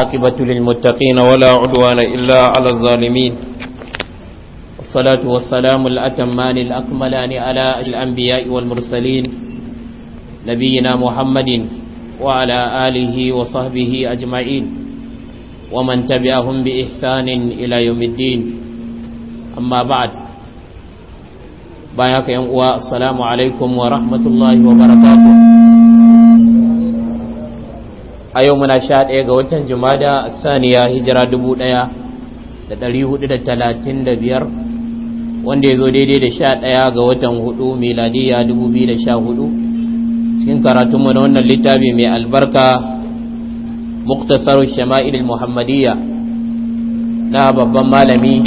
عاقبة للمتقين ولا عدوان إلا على الظالمين والصلاة والسلام الأتمان الأكملان على الأنبياء والمرسلين نبينا محمد وعلى آله وصحبه أجمعين ومن تبعهم بإحسان إلى يوم الدين أما بعد باياك يا السلام عليكم ورحمة الله وبركاته a yau muna sha ɗaya ga watan jimada saniya hijira dubu ɗaya da ɗari hudu da talatin da biyar wanda ya zo daidai da sha ɗaya ga watan hudu miladiya dubu biyu da sha hudu cikin karatunmu na wannan littafi mai albarka muktasar shama'il muhammadiyya na babban malami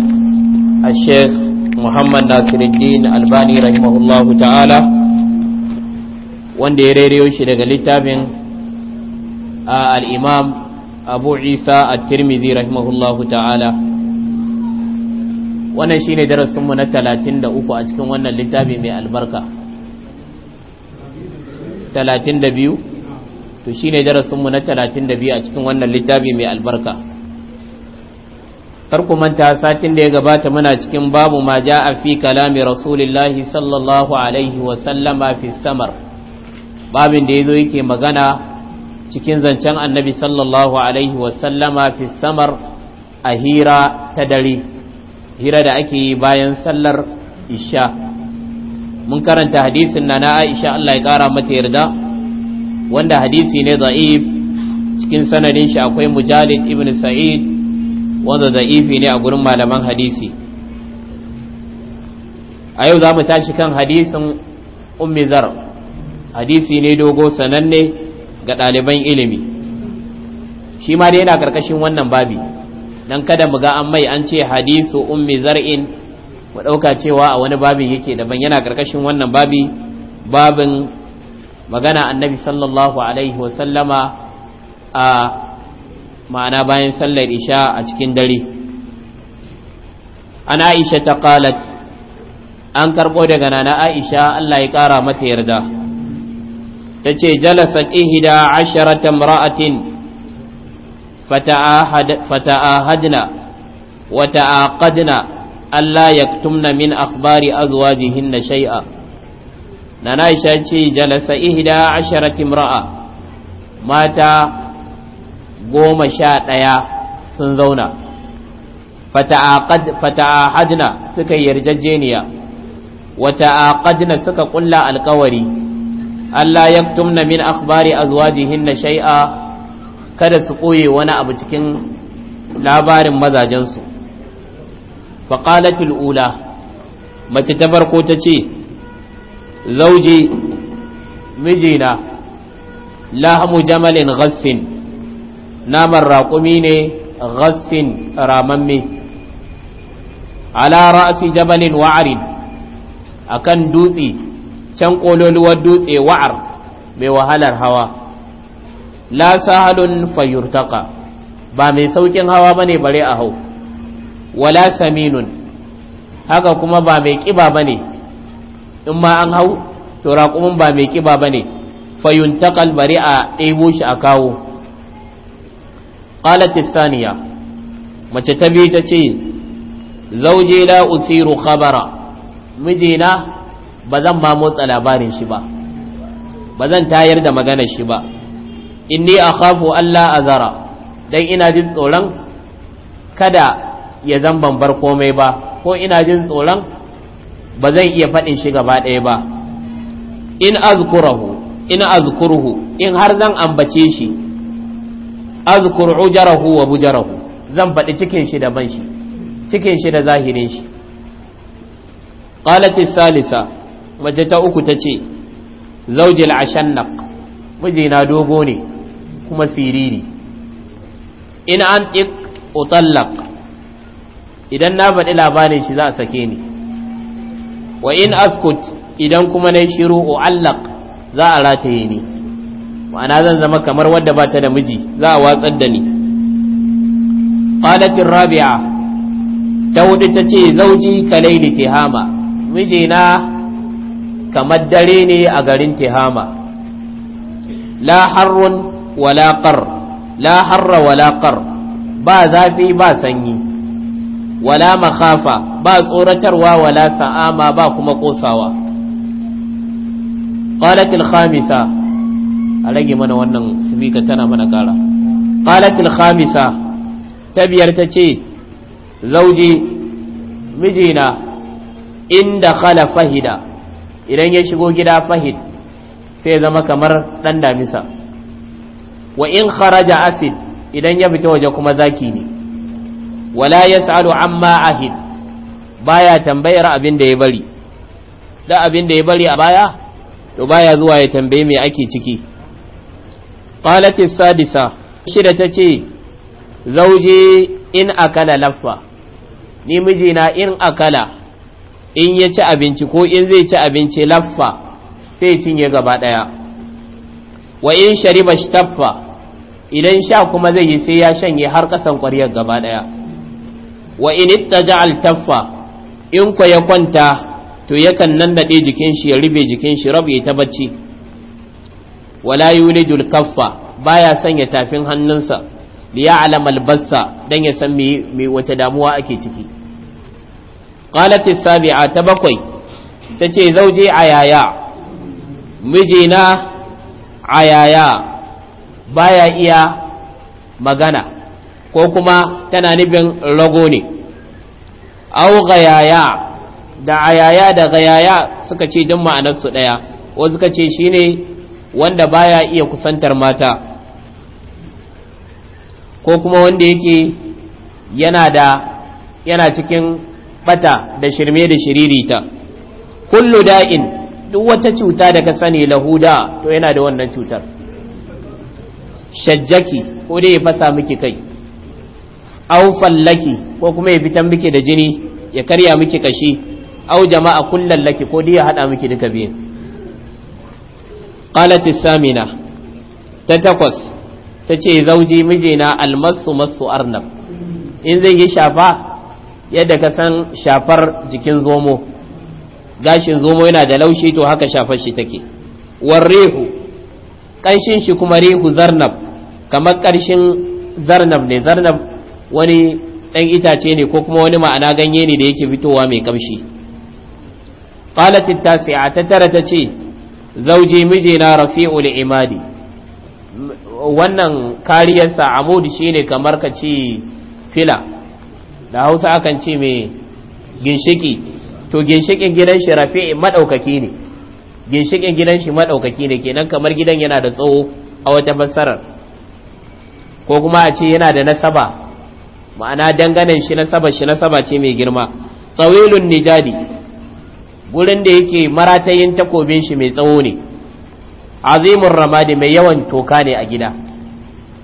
a sheikh muhammad nasiruddin albani rahimahullahu ta'ala wanda ya rairayo shi daga littafin al-imam abu isa at-tirmidhi rahimahullahu ta'ala wannan shine darasinmu na talatin da uku a cikin wannan littafi mai albarka 32 to shine darasinmu na talatin da biyu a cikin wannan littafi mai albarka farko manta satin da ya gabata muna cikin babu ma ja a fi kalami rasulillahi sallallahu alaihi wa sallama fi samar babin da ya zo yake magana cikin zancen annabi sallallahu alaihi wasallama fi samar a hira ta dare hira da ake yi bayan sallar isha mun karanta hadisin na na aisha Allah ya kara mata yarda wanda hadisi ne za'if cikin sanadin shi akwai mujalid ibn sa'id wanda za'ifi ne a gurin malaman hadisi a yau za mu tashi kan hadisin ummi hadisi ne dogo sananne ga ɗaliban ilimi shi ma dai yana ƙarƙashin wannan babi dan kada mu ga an mai an ce hadisu ummi zar'in mu ɗauka cewa a wani babin yake daban yana karkashin wannan babi babin magana annabi sallallahu alaihi wasallama a ma'ana bayan sallar isha a cikin dare an aisha ta qalat an karɓo daga nana aisha Allah ya ƙara mata yarda ta tace jalasat ihda asharata imra'atin fata'ahadna wa ta'aqadna alla yaktumna min akhbari azwajihinna shay'a na Aisha ce jalasa ihda asharata imra'a mata goma sha ɗaya sun zauna fata'ahadna suka yarjejeniya wata ta'aqadna suka kulla alkawari. Allah ya tumna min akhbari azwajihinna shai'a kada su ɓoye wani abu cikin labarin mazajensu faƙalatul ula mace ta farko ta ce zauji mijina lahamu jamalin ghassin naman raƙumi ne ghassin ramamme ala ra'asi jabalin wa'arin akan dutse can kololuwar dutse wa'ar mai wahalar hawa la sahalun fayurtaka ba mai saukin hawa ba ne bare a hau wala saminun haka kuma ba mai ƙiba ba ne. in ma an hau to raƙumin ba mai ƙiba ba ne. fayuntakal bare a ɗebo shi a kawo qalat mace ta biyu ta ce zauje la usiru khabara mijina ba zan ma motsa labarin shi ba ba zan tayar da maganar shi ba inni akhafu Allah azara dan ina jin tsoron kada ya zan bar komai ba ko ina jin tsoron ba zan iya faɗin shi gaba ɗaya ba in azkurahu in azkurhu in har zan ambace shi azkur ujarahu wa bujarahu zan faɗi cikin shi da ban shi cikin shi da zahirin shi qalat salisa mace ta uku ta ce zaujil ashannaq mijina dogo ne kuma siriri in an ik utallaq idan na faɗi labarin shi za a sake ni wa in askut idan kuma na shiru uallaq za a rataye ni ma'ana zan zama kamar wadda ba ta da miji za a watsar da ni qalatir rabi'a ta wuce ta ce zauji kalaili tihama mijina kamar dare ne a garin tihama la harrun wala walaƙar la harra ba zafi ba sanyi wala makhafa ba tsoratarwa wala sa'ama ba kuma ƙosawa. ƙalatul khamisa a rage mana wannan sibika tana mana tace zauji mijina inda khala fahida idan ya shigo gida fahid sai zama kamar dan damisa wa in kharaja asid idan ya fita waje kuma zaki ne wala yas'alu amma ahid baya tambayar abin da ya bari da abin da ya bari a baya to baya zuwa ya tambaye me ake ciki qalatis sadisa shida tace zauje in akala laffa ni mijina in akala in ya ci abinci ko in zai ci abinci laffa sai cinye gaba wa'in wa in shariba shtaffa idan sha kuma zai yi sai ya shanye har kasan ƙwariyar gaba daya wa in ittaja altaffa in ko ya kwanta to yakan nan daɗe jikin shi ya rube jikin shi ya ta bacci wala yulijul kaffa baya sanya tafin hannunsa liya alamal bassa dan ya san me wace damuwa ake ciki qalat as-sabi'a ta bakwai tace zauje ayaya mijina ayaya baya iya magana ko kuma tana nufin rago ne au gayaya da ayaya da gayaya suka ce duk ma'anarsu ɗaya ko suka ce shine wanda baya iya kusantar mata ko kuma wanda yake yana da yana cikin bata da shirme da shiririta kullu da'in duk wata cuta da ka sani lahuda to yana da wannan cutar shajjaki ko dai ya fasa miki kai au fallaki ko kuma ya fitan miki da jini ya karya miki kashi au jama'a laki ko dai ya hada miki duka biyu. qalat samina ta takwas tace zauji mijina almasu masu arnab in zai yi shafa yadda ka san shafar jikin zomo gashin zomo yana da laushi to haka shafar shi take warrehu ƙanshin shi kuma rehu zarnab kamar ƙarshen zarnab ne zarnab wani ɗan itace ne ko kuma wani ma'ana ganye ne da yake fitowa mai kamshi qalatit ta tara ta ce miji mijina rafi'ul imadi wannan kariyarsa amudi shine kamar ka ce fila da hausa akan ce mai ginshiki to ginshikin gidan shi rafi maɗaukaki ne ginshikin gidan shi maɗaukaki ne kenan kamar gidan yana da tsawo a wata fassarar ko kuma a ce yana da nasaba ma'ana danganan shi nasaba shi nasaba ce mai girma tsawilun nijadi gurin da yake maratayin takobin shi mai tsawo ne azimun ramadi mai yawan toka ne a gida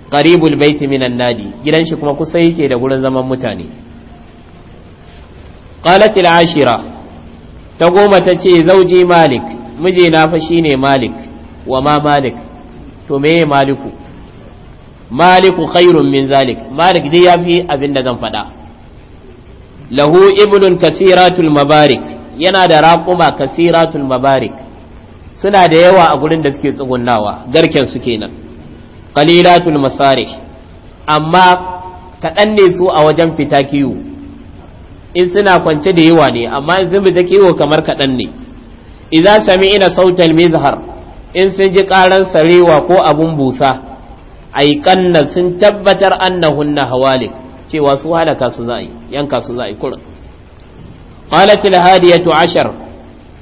qaribul baiti minan nadi gidan shi kuma kusa yake da gurin zaman mutane qalat al-ashira ta goma ta ce zauji malik mijina fa shine malik wa ma malik to meye maliku maliku khairun min zalik malik dai yafi abin da zan faɗa lahu ibnun kasiratul mabarik yana da raƙuma kasiratul mabarik suna da yawa a gurin da suke tsugunnawa garken su kenan qalilatul masari amma kaɗan ne su a wajen fita kiwo in suna kwance da yawa ne amma in sun ta kiwo kamar kaɗan ne idan sami ina sautal mizhar in sun ji ƙaran sarewa ko abun busa aiƙannan sun tabbatar annahun na hawalik cewa su halaka su za'i yanka su za'i kurin qalatul hadiyatu ashar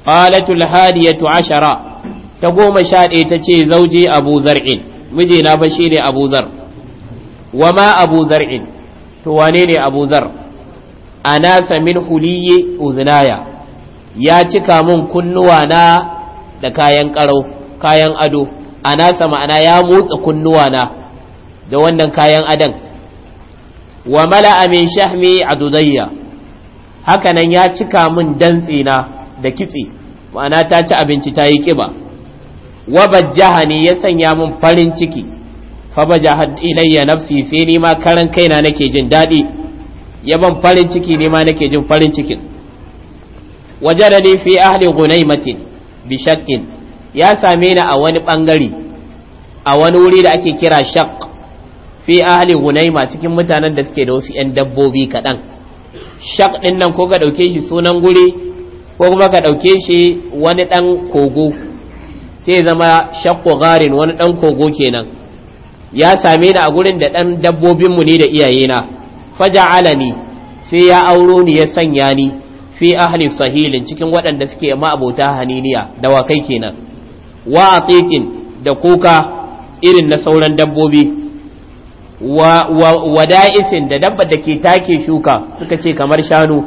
qalatul hadiyatu ashara ta goma sha ɗaya ta ce zauji abu zar'in mijina fa shi ne abu zar wa ma abu zar'in to wane ne abu zar' ana samin huliye uzinaya ya cika mun kunnuwa na da kayan karau kayan ado anasa ma'ana ya motsa kunnuwa na da wannan kayan adan wa mala'a amin shahmi adudayya hakanan ya cika mun dantse na da kitse ma'ana ta ci abinci ta yi kiba wa bajjahani ya sanya mun farin ciki fa bajahad ilayya nafsi sai ni ma karan kaina nake jin daɗi ya ban farin ciki ne ma nake jin farin cikin ne fi ahli gunaimatin bi shakkin ya same ni a wani bangare a wani wuri da ake kira shak fi ahli gunaima cikin mutanen da suke da wasu yan dabbobi kaɗan shak din nan ko ka ɗauke shi sunan guri ko kuma ka ɗauke shi wani ɗan kogo sai zama shakko garin wani ɗan kogo kenan ya same ni a gurin da ɗan dabbobinmu ne da iyayena faja'alani sai ya auro ni ya sanya ni fi ahli sahilin cikin waɗanda suke ma'abota haniniya da wa kai kenan wa atiqin da kuka irin na sauran dabbobi wa wada'isin da dabba dake take shuka suka ce kamar shanu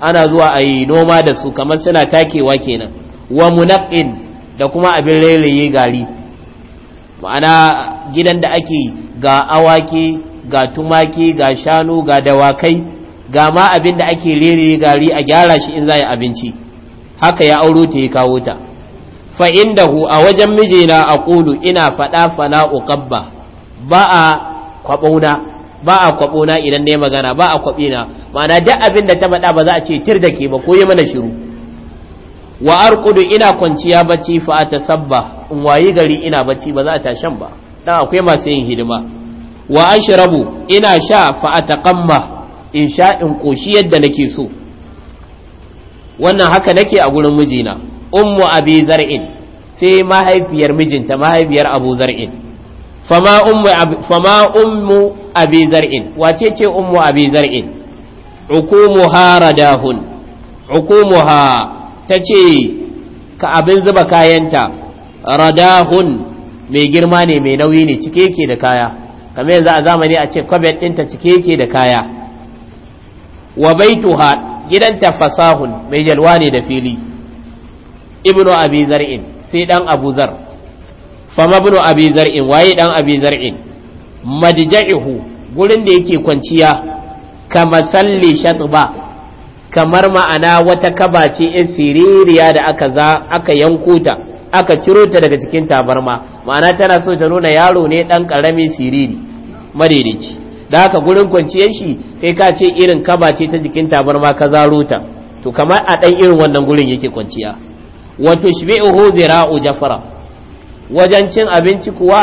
ana zuwa a yi noma da su kamar suna takewa kenan wa munaqin da kuma abin rairaye gari ma'ana gidan da ake ga awaki ga tumaki ga shanu ga dawakai ga ma abin da ake rere gari a gyara shi in za yi abinci haka ya auro ta yi kawo ta fa indahu a wajen mijina a ƙulu ina faɗa fana uƙabba ba a kwaɓona ba a kwaɓona idan ne magana ba a kwaɓina ma'ana duk abin da ta faɗa ba za a ce tir da ke ba ko yi mana shiru wa arqudu ina kwanciya bacci fa ta sabba in wayi gari ina bacci ba za a tashan ba dan akwai masu yin hidima wa ashrabu ina sha fa ataqamma in sha in koshi yadda nake so wannan haka nake a gurin mijina ummu abi zar'in sai mahaifiyar mijinta mahaifiyar abu zar'in fama ummu fama ummu abi zar'in wace ce ummu abi zar'in ukumuha radahun ukumuha tace ka abin zuba kayanta radahun mai girma ne mai nauyi ne cike yake da kaya kamar yanzu a zamani a ce kwabet ɗinta cike yake da kaya wa baitu ha gidanta fasahun mai jalwa ne da fili ibnu abi zar'in sai dan abu zar fama ibnu abi zar'in waye dan abi zar'in madja'ihu gurin da yake kwanciya kama salli shatba kamar ma'ana wata kaba ce in siririya da aka za aka yanko ta aka ciro ta daga cikin tabarma ma'ana tana so ta nuna yaro ne dan karamin siriri madaidaici da haka gurin kwanciyar shi kai ka ce irin kaba ce ta jikin tabarma ka zaro ta to kamar a dan irin wannan gurin yake kwanciya wato shbi'uhu zira'u jafara wajen cin abinci kuwa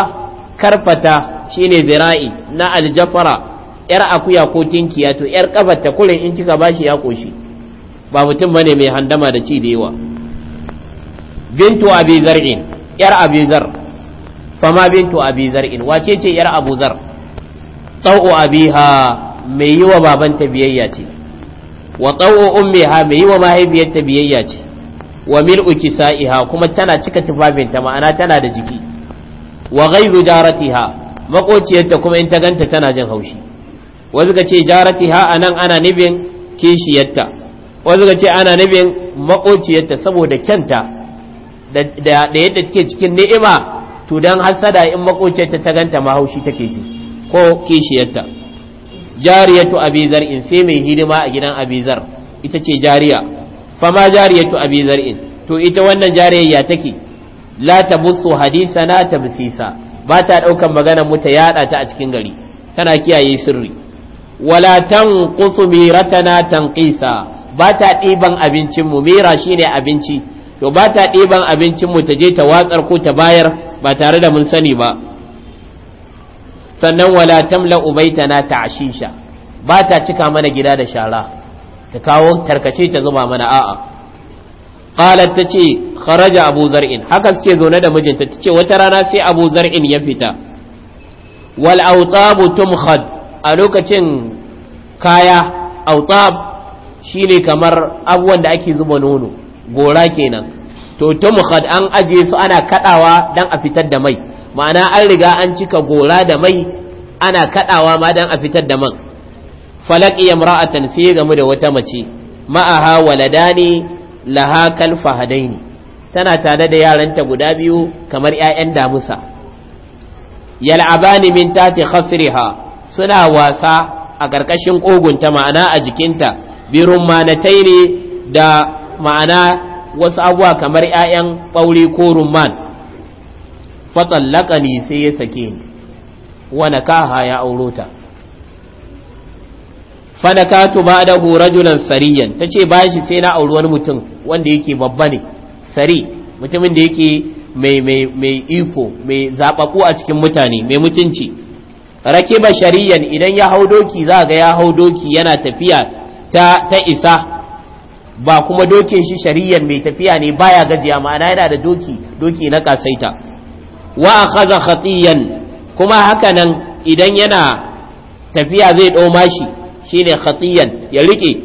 karfata shine zira'i na aljafara yar akuya ko tinkiya to yar ta kurin in kika bashi ya koshi ba mutum bane mai handama da ci da yawa bintu abi zar'in yar abi zar fama bintu abi zar'in wace ce yar abu zar tsawo abiha mai yi wa babanta biyayya ce wa tsawo ummiha mai yi wa mahaifiyarta biyayya ce wa mil'u kisa'iha kuma tana cika tufafinta ma'ana tana da jiki wa ghaizu jaratiha makociyarta kuma in ta ganta tana jin haushi wasu ka ce jaratiha anan ana nufin kishiyarta wasu ka ce ana nufin makociyarta saboda kyanta da yadda take cikin ni'ima to dan hasada in makociyarta ta ganta mahaushi take ji ko kishiyarta jariyatu abizar in sai mai hidima a gidan abizar ita ce jariya fama jariyatu abizar in to ita wannan jariyar ya take la na na tabsisa ba ta daukan maganar muta ta yada ta a cikin gari tana kiyaye sirri wala qusmi ratana tanqisa ba ta abincin mu mira shine abinci to ba ta ɗiban abincinmu ta je ta watsar ko ta bayar ba tare da mun sani ba sannan wala tamla ubaita na ta ashisha ba ta cika mana gida da shara ta kawo tarkace ta zuba mana a'a qalat ta ce kharaja abu zar'in haka suke zaune da mijinta ta ce wata rana sai abu zar'in ya fita wal awtab tumkhad a lokacin kaya awtab shine kamar abubuwan da ake zuba nono gora kenan to had an aje su ana kadawa dan a fitar da mai ma'ana an riga an cika gora da mai ana kadawa ma dan a fitar da man falaqi imra'atan sai game da wata mace ma'aha waladani laha kal fahadaini tana tare da yaranta guda biyu kamar ƴaƴan damusa yal'abani min tati khasriha suna wasa a karkashin kogunta ma'ana a jikinta birun manatai ne da ma'ana wasu abuwa kamar 'ya'yan ɓaure ko rumman ne sai ya sake ni wane kaha ya auro ta tu ba da rajulan sariyan ta ce ba shi sai na auri wani mutum wanda yake babba ne sari mutumin da yake mai iko mai zaɓaɓu a cikin mutane mai mutunci ba shariyan idan ya hau doki za a ga ya hau doki yana tafiya ta isa ba kuma dokin shi shari'ar mai tafiya ne baya gajiya ma'ana yana da doki doki na kasaita wa akhadha khatiyan kuma haka nan idan yana tafiya zai dau mashi shine khatiyan ya rike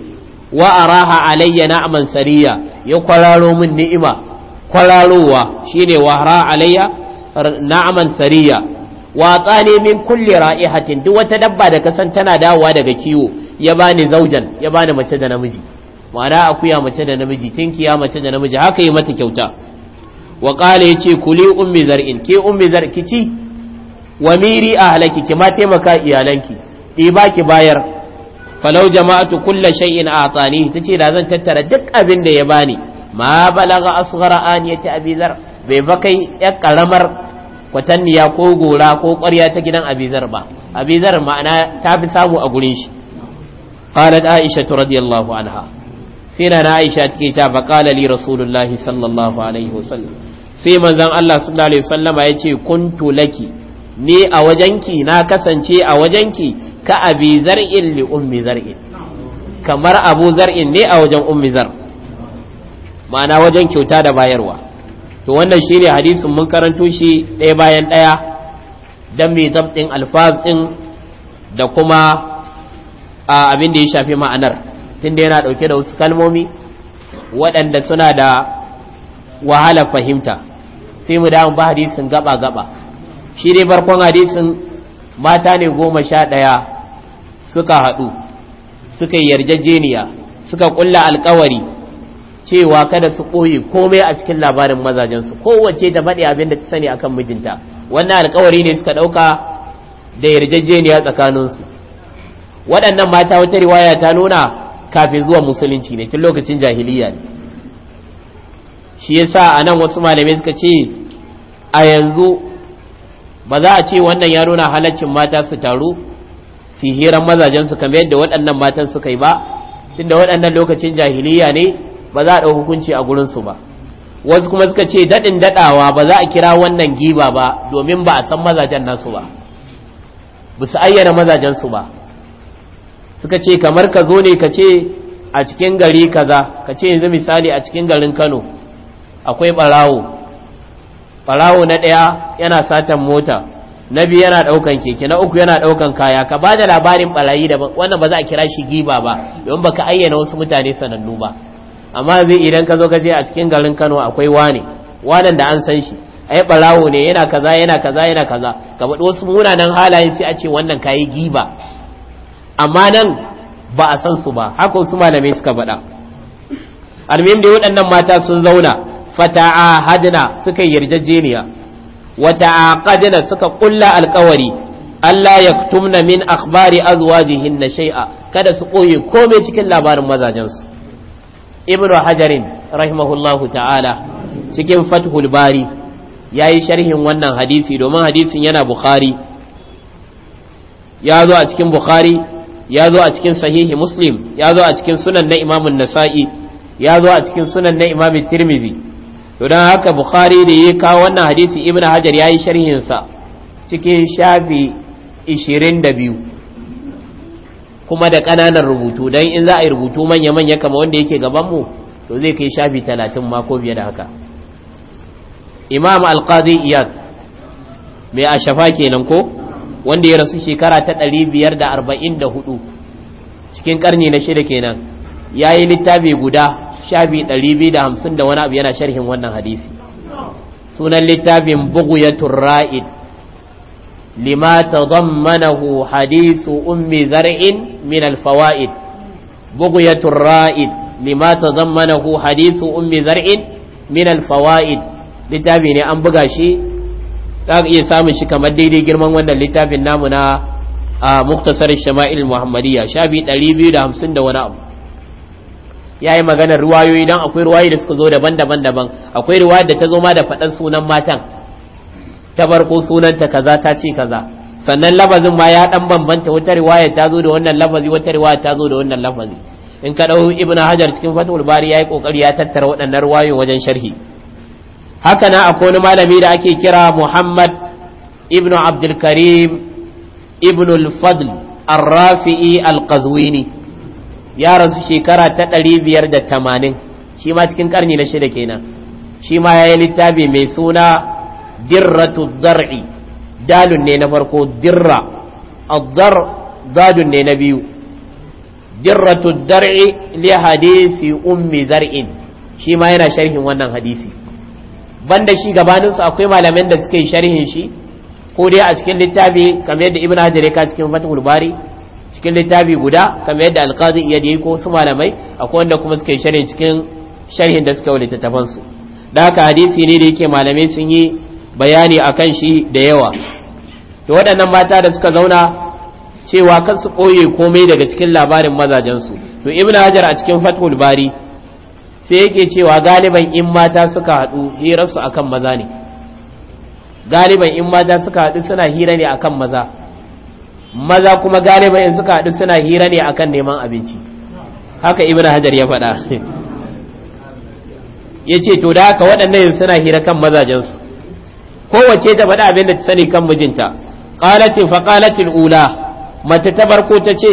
wa araha alayya na'man sariya ya kwararo min ni'ima kwararowa shine wa ara alayya na'man sariya wa tsane min kulli ra'ihatin duk wata dabba da kasan tana dawowa daga kiwo ya bani zaujan ya bani mace da namiji ma'ana akuya mace da namiji tinkiya mace da namiji haka yi mata kyauta wa qala yace kuli ummi zar'in ke ummi zar ci? wa miri ahlaki ki ma taimaka iyalanki ɗiba ki bayar falau jama'atu kulla shay'in atani tace da zan tattara duk abin da ya bani ma balaga asghara aniyati abizar bai bakai ya karamar kwatanniya ko gora ko ƙwarya ta gidan abizar ba abizar ma'ana ta fi samu a gurin shi qalat aisha radiyallahu anha sai na Aisha take cewa fa qala li rasulullahi sallallahu alaihi wasallam sai manzon Allah sallallahu alaihi wasallama yace kuntu laki ni a wajenki na kasance a wajenki ka abi zar'in li ummi zar'in kamar abu zar'in ne a wajen ummi zar ma'ana wajen kyauta da bayarwa to wannan shine hadisin mun karanto shi ɗaya bayan ɗaya dan mai zabdin alfaz din da kuma abin da ya shafi ma'anar Tun da yana ɗauke da wasu kalmomi waɗanda suna da wahalar fahimta sai mu damu ba hadisin gaba gaba shi dai barkon hadisin mata ne goma sha ɗaya suka haɗu suka yarjejeniya suka ƙulla alkawari cewa kada su ɓoye komai a cikin labarin mazajensu kowace ta faɗi abin da ta sani akan mijinta wannan alkawari ne suka ɗauka da yarjejeniya tsakaninsu waɗannan mata wata riwaya ta nuna kafin zuwa musulunci ne tun lokacin jahiliya ne shi yasa a nan wasu malamai suka ce a yanzu ba za a ce wannan ya nuna halaccin mata su taru su hiran mazajensu kamar yadda waɗannan matan suka yi ba tun da waɗannan lokacin jahiliya ne ba za a ɗau hukunci a gurinsu ba wasu kuma suka ce daɗin daɗawa ba za a kira wannan giba ba domin ba a san mazajen nasu ba ba su ayyana mazajensu ba suka ce kamar ka zo ne ka ce a cikin gari kaza ka ce yanzu misali a cikin garin kano akwai barawo barawo na ɗaya yana satan mota na biyu yana ɗaukan keke na uku yana ɗaukan kaya ka ba da labarin barayi da wannan ba za a kira shi giba ba don baka ayyana wasu mutane sanannu ba amma zai idan ka zo ka ce a cikin garin kano akwai wani wanan da an san shi ai barawo ne yana kaza yana kaza yana kaza ka faɗi wasu munanan halayen sai a ce wannan kayi giba amma nan ba a san su ba hakan wasu malamai suka faɗa almuhim da waɗannan mata sun zauna hadina suka yarjejeniya wa ta'aqadna suka ƙulla alƙawari Allah tumna min akhbari azwajihin shai'a kada su koye komai cikin labarin mazajensu ibnu hajarin rahimahullahu ta'ala cikin fathul bari yayi sharhin wannan hadisi domin hadisin yana bukhari ya zo a cikin bukhari ya zo a cikin sahihi muslim ya zo a cikin sunan na imamun nasa'i ya zo a cikin sunan na imamun tirmizi to don haka bukhari da ya kawo wannan hadisi ibn hajar ya yi sharhinsa cikin shafi 22 kuma da ƙananan rubutu don in za a yi rubutu manya-manya kama wanda yake gabanmu to zai kai shafi 30 mako biya da haka imam alƙazi iyad mai shafa kenan ko wanda ya rasu shekara ta 544 cikin karni na shida kenan yayi littafi guda shafi 250 da wani abu yana sharhin wannan hadisi sunan littafin bughyatur ra'id lima tadammanahu hadisu ummi zar'in min alfawaid bughyatur ra'id lima tadammanahu hadisu ummi zar'in min alfawaid littafi ne an buga shi za ka iya samun shi kamar daidai girman wannan littafin namu na a muktasar shama'il muhammadiyya shafi 250 da wani abu ya yi maganar ruwayoyi don akwai ruwayoyi da suka zo daban-daban daban akwai ruwaya da ta zo ma da faɗan sunan matan ta farko sunanta kaza ta ce kaza sannan labazin ma ya ɗan bambanta wata riwaya ta zo da wannan lafazi wata riwaya ta zo da wannan labazi in ka dau ibnu hajar cikin fatul bari yayi kokari ya tattara waɗannan ruwayoyi wajen sharhi haka na akwai wani malami da ake kira muhammad ibn abdulkarim ibn al-fadl al-rafi'i al-qazwini ya rasu shekara ta ɗari 580 shi ma cikin karni na shida kenan shi ma ya yi littafi mai suna dirratu dar'i dalun ne na farko dirra addar dadun ne na biyu dirratu dar'i li hadisi ummi zar'in shi ma yana sharhin wannan hadisi banda shi gabaninsu akwai malaman da suke sharhin shi ko dai a cikin littafi kamar yadda ibn hajar ya ka cikin fatul bari cikin littafi guda kamar yadda alqazi iya da ko su malamai akwai wanda kuma suke sharhin cikin sharhin da suke wulita taban su da haka hadisi ne da yake malamai sun yi bayani akan shi da yawa to waɗannan mata da suka zauna cewa kan su koye komai daga cikin labarin mazajensu to ibnu hajar a cikin fatul bari sai yake cewa galiban in mata suka haɗu hirarsu akan maza ne galiban in mata suka haɗu suna hira ne akan maza maza kuma galiban in suka haɗu suna hira ne akan neman abinci haka ibn hajar ya faɗa ya ce to da haka waɗannan suna hira kan mazajensu kowace ta faɗa abin da ta sani kan mijinta qalatin fa qalatil ula mace ta barko ta ce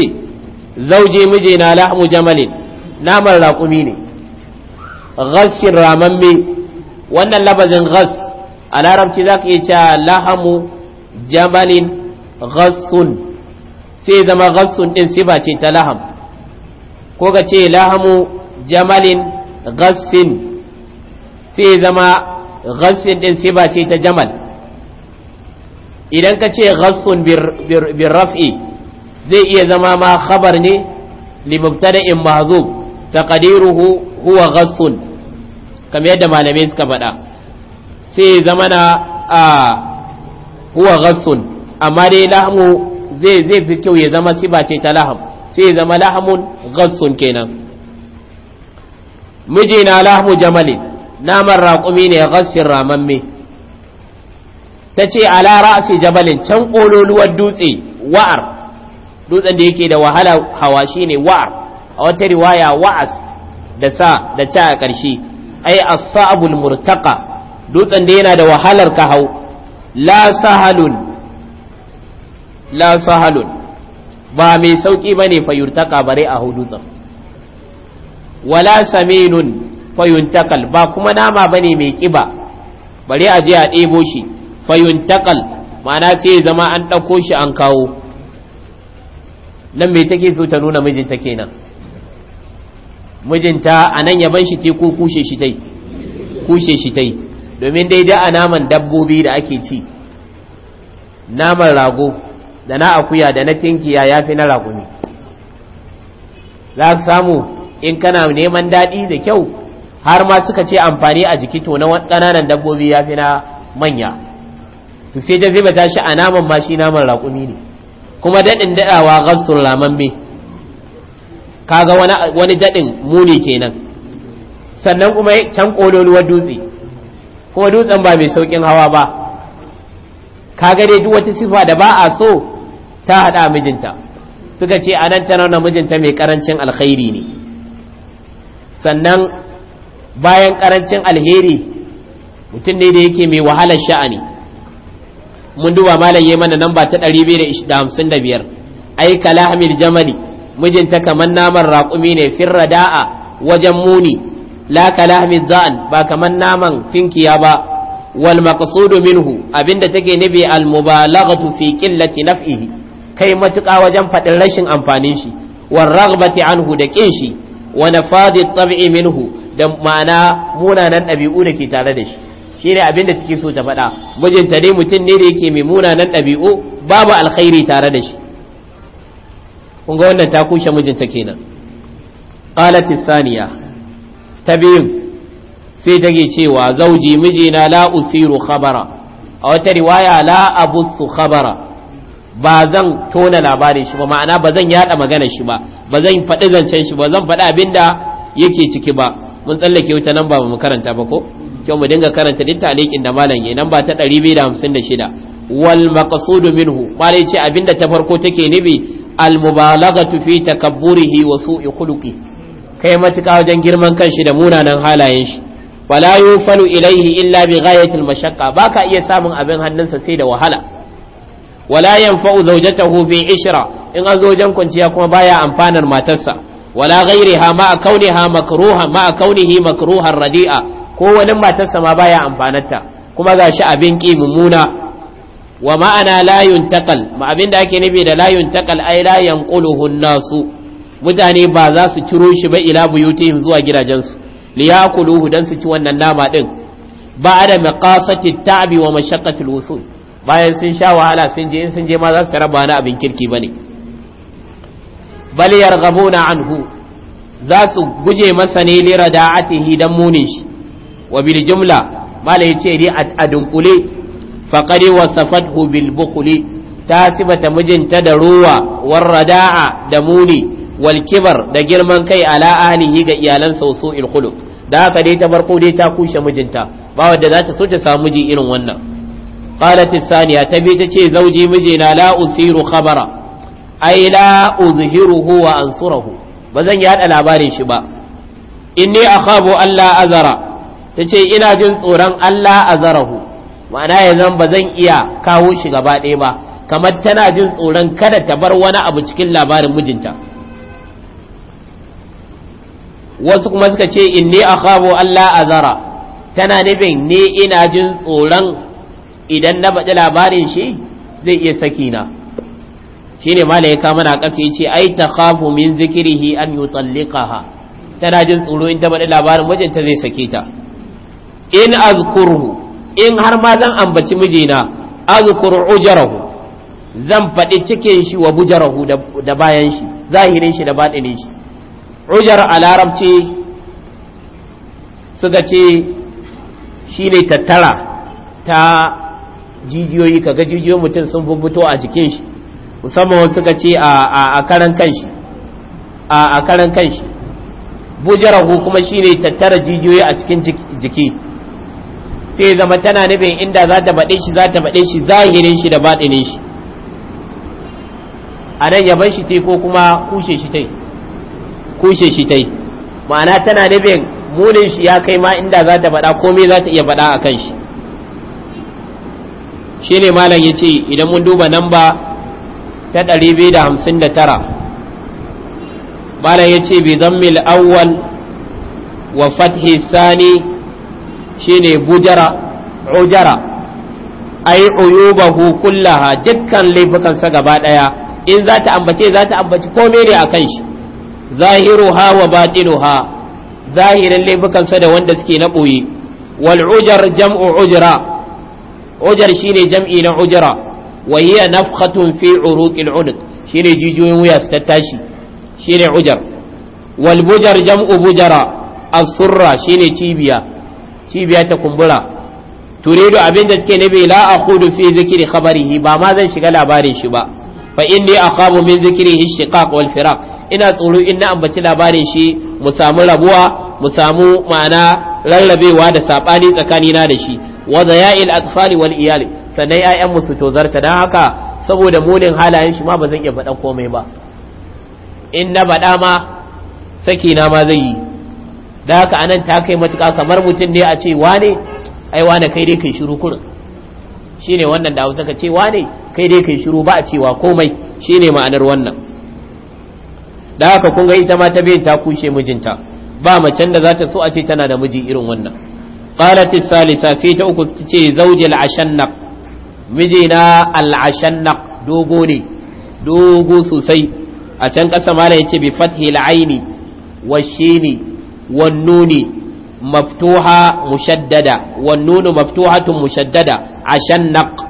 zauje mijina lahmu jamalin naman raƙumi ne ghashin ramamme wannan labazin ghas a larabci za ka iya cewa lahamu jabalin ghassun sai zama ghassun din ba ce ta laham ko ka ce lahamu jamalin ghassin sai zama ghassin din ba ce ta jamal idan ka ce ghassun bin raf'i zai iya zama ma khabar ne limubtada'in mahzub taqdiruhu huwa ghassun kamar yadda malamai suka faɗa sai zama na a huwa ghassun amma dai lahamu zai zai fi kyau ya zama siba ce ta laham sai zama lahamun ghassun kenan mijina lahmu jamalin naman raƙumi ne ghassin ramamme ta ce ala ra'asi jabalin can ƙololuwar dutse wa'ar dutsen da yake da wahala hawa shine wa'ar a wata riwaya wa'as da sa da ca a ƙarshe ai as-sa'bul murtaqa dutsen da yana da wahalar ka hau la sahalun la sahalun ba mai sauki bane fayurtaqa bare a dutsen wala saminun fayuntakal ba kuma nama bane mai kiba bare a je a ɗebo shi fayuntakal ma'ana sai zama an ɗauko shi an kawo nan me take so ta nuna mijinta kenan mijinta a nan ya ban shi te ko kushe shi tai kushe shi tai domin daidai a naman dabbobi da ake ci naman rago da na akuya da na tinkiya ya fi na ne za su samu in kana neman daɗi da kyau har ma suka ce amfani a jiki to na ƙananan dabbobi ya fi na manya to sai ta zai ta shi a naman ma shi naman raƙumi ne kuma daɗin daɗawa gassun lamamme kaga wani wani dadin muni kenan sannan kuma can kololuwar dutse kuma dutsen ba mai saukin hawa ba kaga dai duk wata sifa da ba a so ta haɗa mijinta suka ce a nan ta tana mijinta mai karancin alkhairi ne sannan bayan ƙarancin alheri mutum ne da yake mai wahalar sha'ani mun duba malam yayi mana namba ta 255 ay kalahmil jamali mijinta kamar naman raƙumi ne firra da'a wajen muni la kalahmi za'an ba kamar naman tinkiya ba wal maqsudu minhu abinda take nabi al mubalaghatu fi qillati naf'ihi kai matuƙa wajen faɗin rashin amfanin shi war raghbati anhu da kin shi wa nafadi tab'i minhu da ma'ana munanan ɗabi'u da ke tare da shi shine abinda take so ta faɗa mijinta ne mutum ne da yake mai munanan ɗabi'u babu alkhairi tare da shi kun ga wannan ta kushe mijinta kenan qalatis saniya ta sai take cewa zauji mijina la usiru khabara a wata riwaya la abussu khabara ba zan tona labari shi ba ma'ana ba zan yada magana shi ba ba zan faɗi zancen shi ba zan faɗi abinda yake ciki ba mun tsallake wuta nan ba mu karanta ba ko kyau mu dinga karanta duk talikin da malam ya nan ba ta 256 wal maqsudu minhu malai ce abinda ta farko take nibi almubalaghatu fi takabburihi wa su'i khuluqi kai matuƙa wajen girman kanshi da munanan halayen shi wala yufalu ilaihi illa bi ghayatil mashaqqa baka iya samun abin hannunsa sai da wahala wala yanfa'u zawjatahu bi ishra in an zo wajen kwanciya kuma baya amfanar matarsa wala ghairiha ma kauniha makruha ma kaunihi makruhan radi'a ko wani matarsa ma baya amfanarta kuma gashi abin ki mummuna wa ma'ana layun takal ma abin da ake nufi da layun takal ai la yanquluhu nasu mutane ba za su ciro shi ba ila buyutihim zuwa gidajensu li yakuluhu dan su ci wannan nama din ba da maqasati ta'bi wa mashaqqati alwusul bayan sun sha wahala sun je in sun je ma za su ba na abin kirki bane bal yarghabuna anhu za su guje masa ne li rada'atihi dan munin shi wa bil jumla malai ce dai a dunkule faqad wasafathu bil bukhli ta sibata mijinta da ruwa war rada'a da muni wal kibar da girman kai ala ahlihi ga iyalansa wasu il khulu da haka dai ta farko dai ta kushe mijinta ba wanda za ta so ta samu miji irin wannan qalat saniya ta bi ta ce zauji mijina la usiru khabara ai la uzhiruhu wa ansurahu ba zan yada labarin shi ba inni akhabu alla azara ce ina jin tsoron Allah azarahu ma'ana yanzu ba zan iya kawo shi gaba ɗaya ba kamar tana jin tsoron kada ta bar wani abu cikin labarin mijinta wasu kuma suka ce in ne a akhabu Allah azara tana nufin ne ina jin tsoron idan na baɗi labarin shi zai iya sakina kama na ƙasa ya ce ai ta kafu min zikrihi an yi ha tana jin tsoro in ta baɗi labarin mijinta zai sake ta in azkurhu in har ma zan ambaci mijina azkur ujarahu zan faɗi cikin shi wa bujarahu da bayan shi zahirin shi da baɗinin shi ujar a larabci suka ce shi ne tattara ta jijiyoyi kaga jijiyoyin mutum sun bubbuto a jikin shi musamman suka ce a karan kanshi a karan kanshi bujarahu kuma shi ne tattara jijiyoyi a cikin jiki sai zama tana nufin inda za ta baɗe shi za ta faɗe shi zahirin shi da baɗinin shi a nan yaban shi te ko kuma kushe shi tai kushe shi tai ma'ana tana nufin munin shi ya kai ma inda za ta faɗa komai za ta iya faɗa a kan shi shi ne malam ya ce idan mun duba namba ta ɗari da da hamsin tara malam ya ce bi zammil awwal wa fathi sani shine bujara ujara ai uyubahu kullaha dukkan sa gaba daya in za ta ambace za ta ambaci komai ne a kan shi zahiruha wa batinuha zahirin sa da wanda suke na ɓoye wal ujar jam'u ujra ujar shine jam'i na ujra wa hiya nafkhatun fi uruqil unuq shine jijiyoyin wuya su tattashi shine ujar wal bujar jam'u bujara as-surra shine cibiya cibiya ta kumbura Turedo abin da take nabi la aqudu fi zikri khabarihi ba ma zan shiga labarin shi ba fa a akhabu min zikrihi shiqaq wal firaq ina tsoro in na ambaci labarin shi mu samu rabuwa mu samu ma'ana rarrabewa da sabani tsakanina da shi wa ya'il atfali wal iyali sannan ƴaƴan mu su tozarta dan haka saboda munin halayen shi ma ba zan iya faɗa komai ba in na baɗa ma sakina ma zai yi da haka anan ta kai matuƙa kamar mutum ne a ce wane ai wane kai dai kai shiru kurin shine wannan da ta ka ce wane kai dai kai shiru ba a cewa komai shine ma'anar wannan da haka kun ga ita ma ta biyan ta kushe mijinta ba macen da za ta so a ce tana da miji irin wannan qalat salisa fi ta uku ce zawji ashannaq mijina al-ashannaq dogo ne dogo sosai a can kasa mala yace bi fathil aini wa shini والنون مفتوحة مشددة والنون مفتوحة مشددة عشان نق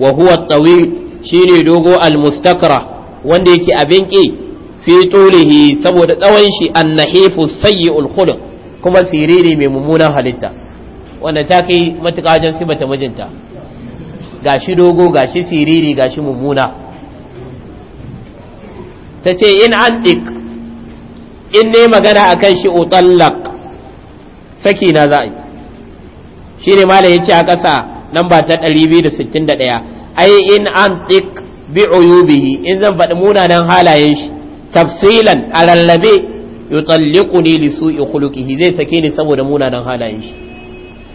وهو الطويل شيني دوغو المستكرة وانديك أبنكي في طوله سبو تتوينشي النحيف السيء الخلق كما سيريري من ممونا هلتا wanda ta kai matuƙa wajen sibata mijinta gashi dogo gashi siriri gashi mummuna ta ce in an ɗik in ne magana akan shi utallaq saki na za a yi shi ne malam ya ce a ƙasa lamba ta 261 ai in an tik bi uyubihi in zan faɗi munanan halayen shi tafsilan a rallabe yutalliqu ne li su'i khuluqihi zai sake ni saboda munanan halayen shi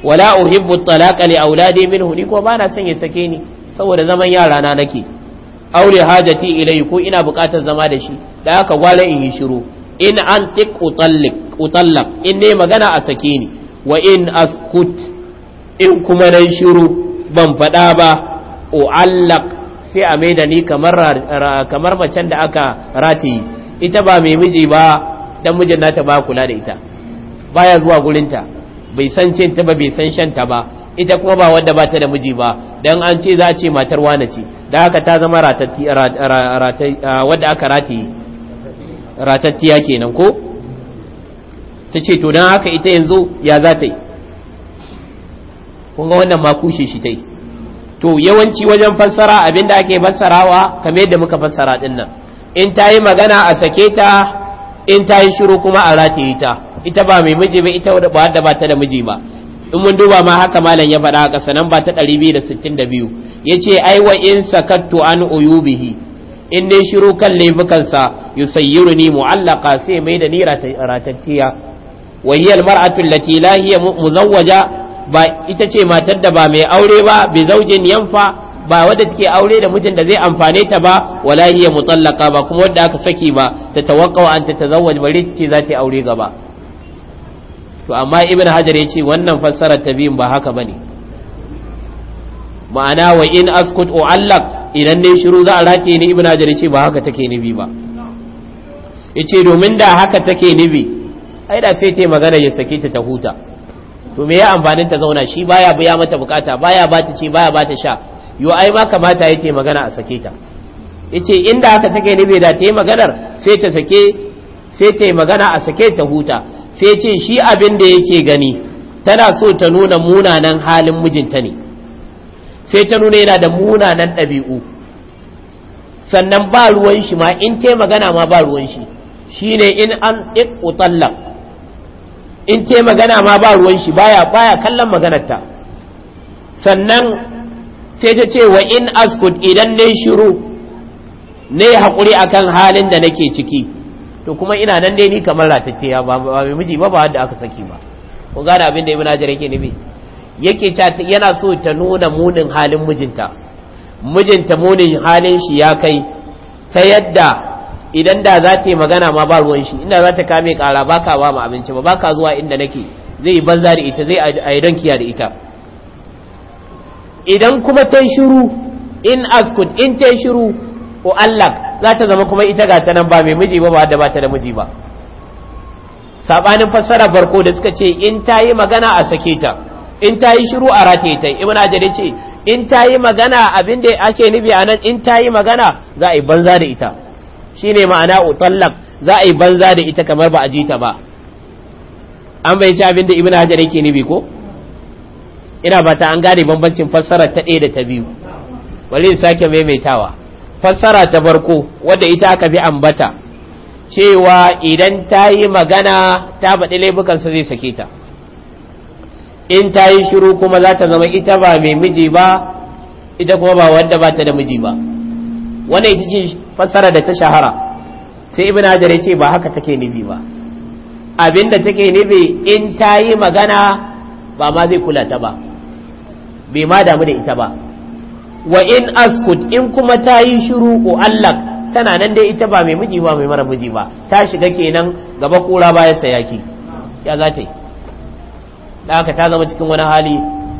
wala uhibbu talaqa li min minhu ni ko bana son ya sake ni saboda zaman yara na nake aure hajati ilai ko ina buƙatar zama da shi da aka gwala in yi shiru in an tik utallak in ne magana a sake ni wa in askut in kuma nan shiru ban faɗa ba uallak sai a mai da ni kamar macen da aka rataye ita ba mai miji ba dan mijin nata ba kula da ita baya zuwa gurinta bai san cin ta ba bai san shan ta ba ita kuma ba wadda ba ta da miji ba dan an ce za a ce matar wane ce da haka ta zama wadda aka rataye ratattiya kenan ko ta ce to don haka ita yanzu ya za ta yi ga wannan ma kushe shi ta yi to yawanci wajen fassara abinda ake fassarawa kamar yadda muka fassara din nan in ta yi magana a sake ta in ta yi shiru kuma a rataye ta ita ba mai miji ba ita wadda ba ba ta da miji ba in mun duba ma haka malam ya faɗa ƙasa, nan ba ta 262 yace ai wa in sakattu an uyubihi in dai shiru kan laifukansa yusayyiruni mu'allaka sai mai da ni ratattiya wahiyal mar'atu allati la hiya muzawwaja ba ita ce matar da ba mai aure ba bi zaujin yanfa ba wadda take aure da mijin da zai amfane ta ba wala mu mutallaqa ba kuma wadda aka saki ba ta tawakkawa an ta tazawwaj bare ce za ta aure gaba to amma ibn hajar ya ce wannan fassarar ta biyun ba haka bane ma'ana wa in askut o allak idan ne shiru za a rake ni ibn hajar ce ba haka take nibi ba yace domin da haka take nibi ai da sai tai magana ya sake ta ta huta to me ya amfanin ta zauna shi baya biya mata bukata baya ba ta ci baya ba ta sha yo ai ma kamata yake magana a sake ta yace inda haka take nibi da tai maganar sai ta sake sai tai magana a sake ta huta sai ce shi abin da yake gani tana so ta nuna munanan halin mijinta ne sai ta nuna yana da munanan ɗabi'u sannan ba ruwan shi ma in te magana ma ba ruwan shi shi ne in an iqutallaq in te magana ma ba ruwan shi baya baya kallon maganarta sannan sai ta ce wa in askut idan ne shiru ne haƙuri akan halin da nake ciki to kuma ina nan dai ni kamar ratattiya ba mai miji ba ba wadda aka saki ba ku gane abin da ibn hajar yake nufi yake yana so ta nuna munin halin mijinta mijinta munin halin shi ya kai ta yadda idan da za ta yi magana ma ba ruwan shi inda za ta kame kara ba ka ba ma abinci ba ba ka zuwa inda nake zai banza da ita zai a idan kiya da ita idan kuma ta shiru in askut in ta shiru ko Allah za ta zama kuma ita ga ta nan ba mai miji ba ba da ba ta da miji ba sabanin fassara farko da suka ce in ta yi magana a sake ta in ta yi shiru a rataye ta ibn hajar ce in ta yi magana abin da ake nufi a nan in ta yi magana za a yi banza da ita shine ma'ana utallaq za a yi banza da ita kamar ba a ji ta ba an bai ci abin da ibn hajar yake nufi ko ina ba ta an gane bambancin fassara ta ɗaya da ta biyu wali in sake maimaitawa fassara ta farko wadda ita aka fi ambata cewa idan ta yi magana ta baɗi laifukansa zai sake ta in ta yi shiru kuma za ta zama ita ba mai miji ba ita kuma ba wadda ba ta da miji ba wannan ita ce fassara da ta shahara sai ibn hajar ya ce ba haka take nufi ba abinda take nufi in ta yi magana ba ma zai kula ta ba bai ma damu da ita ba wa in askut in kuma ta yi shiru ko allak tana nan dai ita ba mai miji ba mai mara miji ba ta shiga kenan gaba kura baya sayaki ya za ta yi da ta zama cikin wani hali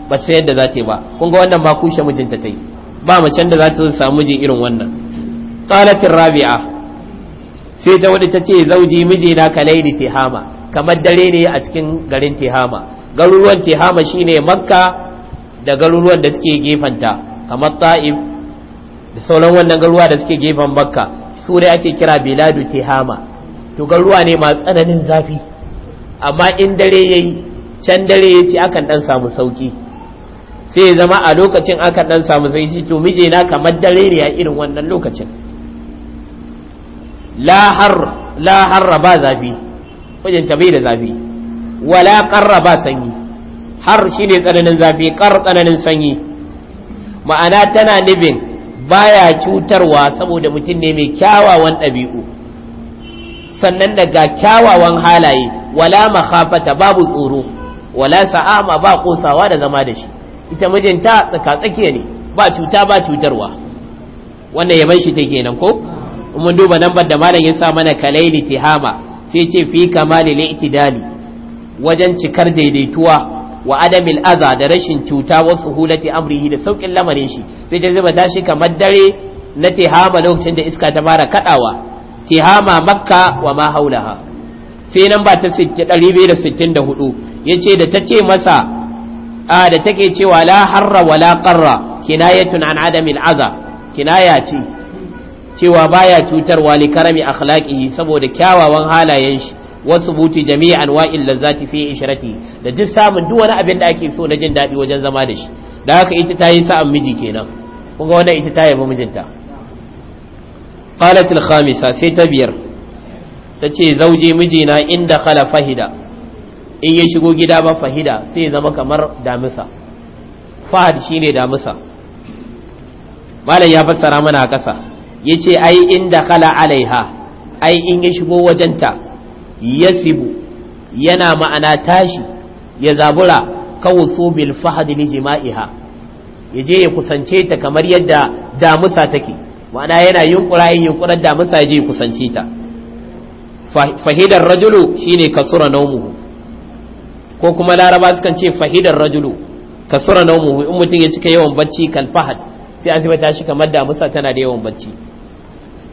ba sai yadda za ta yi ba kun ga wannan ba kushe mijinta ta yi ba macen da za ta samu mijin irin wannan qalatir rabi'a sai ta wadda ta ce zauji miji na kalaini tihama kamar dare ne a cikin garin tihama garuruwan tihama shine makka da garuruwan da suke gefanta kamar ta'if da sauran wannan garuruwa da suke gefen makka su ne ake kira biladu tihama to garuruwa ne masu tsananin zafi amma in dare yayi can dare ya ce akan dan samu sauki sai zama a lokacin akan dan samu sauki to mijina na kamar dare ne a irin wannan lokacin la har ba zafi wajen da zafi wala qarra sanyi har shine tsananin zafi qar tsananin sanyi ma'ana tana nibin baya cutarwa saboda mutum ne mai kyawawan ɗabi'u sannan daga kyawawan halaye wala makhafata babu tsoro wala sa'ama ba kosawa da zama da shi ita mijinta tsakiya ne ba cuta ba cutarwa wannan yaban shi take kenan ko mun duba lambar da malam ya sa mana kalaili tihama sai ce fi kamali li'tidali wajen cikar daidaituwa wa adamil aza da rashin cuta wasu hulati amrihi da saukin lamarin shi sai ta zuba tashi kamar dare na tihama lokacin da iska ta fara kadawa tihama makka wa ma haulaha sai nan ba ta 264 yace da ta ce masa a da take cewa la harra wala qarra kinayatun an adamil aza kinaya ce cewa baya cutarwa li karami akhlaqihi saboda kyawawan halayen shi wasu buti jami'a anwa'il lazzati fi ishrati da duk samun duk wani abin da ake so na jin dadi wajen zama da shi da haka ita ta yi sa'an miji kenan kuma wannan ita ta yabi mijinta qalat al khamisa sai ta biyar tace zauje mijina inda khala fahida in ya shigo gida ba fahida sai zama kamar damisa fahad shi ne damisa malam ya fassara mana a ƙasa ya ce ai inda kala alaiha ai in ya shigo wajenta ya sibu yana ma'ana tashi ya zabura kawo bil fahad ni jima'iha ya je ya kusance ta kamar yadda damisa take ma'ana yana yunkura yin yunkurar damisa ya je ya kusance ta fahidar rajulu shine kasura naumuhu ko kuma laraba sukan ce fahidar rajulu kasura naumu in mutum ya cika yawan bacci fahad sai a zuba shi kamar musa tana da yawan bacci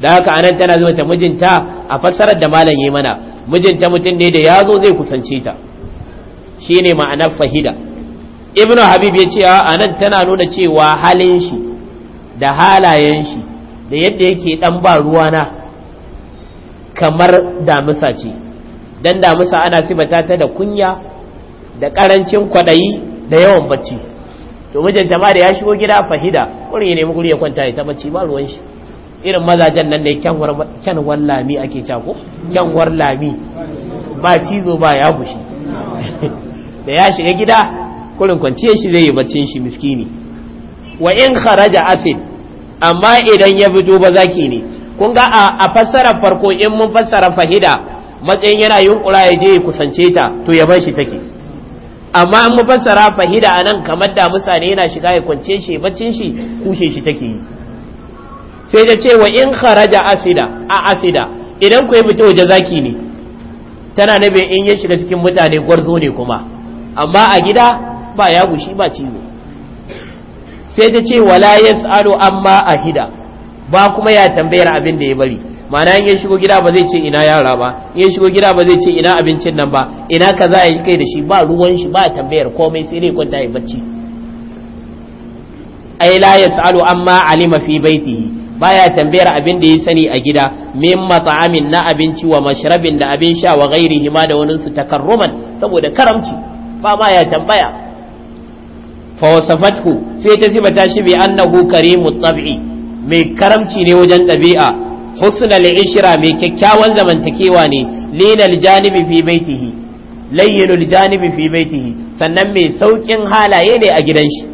da haka anan tana zuba ta mijinta a fassarar da malam yi mana mijinta mutum ne da ya zo zai kusance ta shine ma'anar fahida ibnu habib ya ce a anan tana nuna cewa halin shi da halayen shi da yadda yake dan ba na kamar damusa ce dan damusa ana sibata ta da kunya da karancin kwadayi da yawan bacci to mijinta ba da ya shigo gida fahida kurin ya nemi guri ya kwanta ya ta bacci ba ruwan shi irin mazajen nan ne kyanwar lami ake cako kyanwar lami ba cizo ba ya gushi da ya shiga gida kurin kwanciyar shi zai yi baccin shi miskini wa in kharaja asid amma idan ya fito ba zaki ne kun ga a fassara farko in mun fassara fahida matsayin yana yunkura ya je ya kusance ta to ya bar shi take amma in mu fassara fahida anan kamar da mutane yana shiga ya kwance shi baccin shi kushe shi take yi sai da cewa in kharaja asida a asida idan ku yi fito waje zaki ne tana nabe in ya shiga cikin mutane gwarzo ne kuma amma a gida ba ya gushi ba ciwo sai da ce wala yas'alu amma ahida ba kuma ya tambayar abin da ya bari ma'ana in ya shigo gida ba zai ce ina yara ba in ya shigo gida ba zai ce ina abincin nan ba ina za a yi kai da shi ba ruwan shi ba tambayar komai sai dai kwanta ya bacci ai la yasalu amma alima fi baitihi baya tambayar abin da ya sani a gida min mata'amin na abinci wa mashrabin da abin sha wa ghairihi ma da wani su takarruman saboda karamci ba ma ya tambaya fa wasafatku sai ta sibata shi bi annahu karimut tab'i mai karamci ne wajen ɗabi'a husnal ishra mai kyakkyawan zamantakewa ne linal janibi fi baitihi layyinul janibi fi baitihi sannan mai saukin halaye ne a gidan shi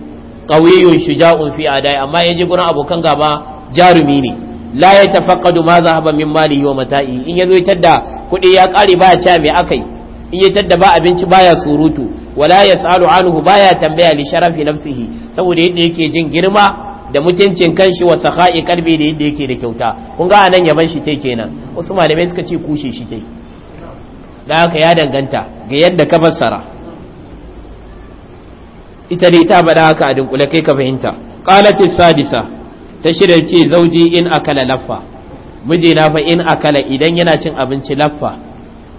qawiyun shuja'un fi adai amma yaji gurin abokan gaba jarumi ne la yatafaqqadu ma zahaba min malihi wa mata'i in yazo tadda kudi ya kare baya cewa mai akai in ya tadda ba abinci baya surutu wala yasalu anhu baya tambaya li sharafi nafsihi saboda yadda yake jin girma da mutuncin kanshi wa sakha'i karbi da yadda yake da kyauta kun ga anan yaban shi tai kenan wasu malamai suka ce kushe shi tai da haka ya danganta ga yadda ka fassara ita dai ta bada haka a dunkule kai ka fahimta qalat sadisa ta shirya ce zauji in akala laffa na fa in akala idan yana cin abinci laffa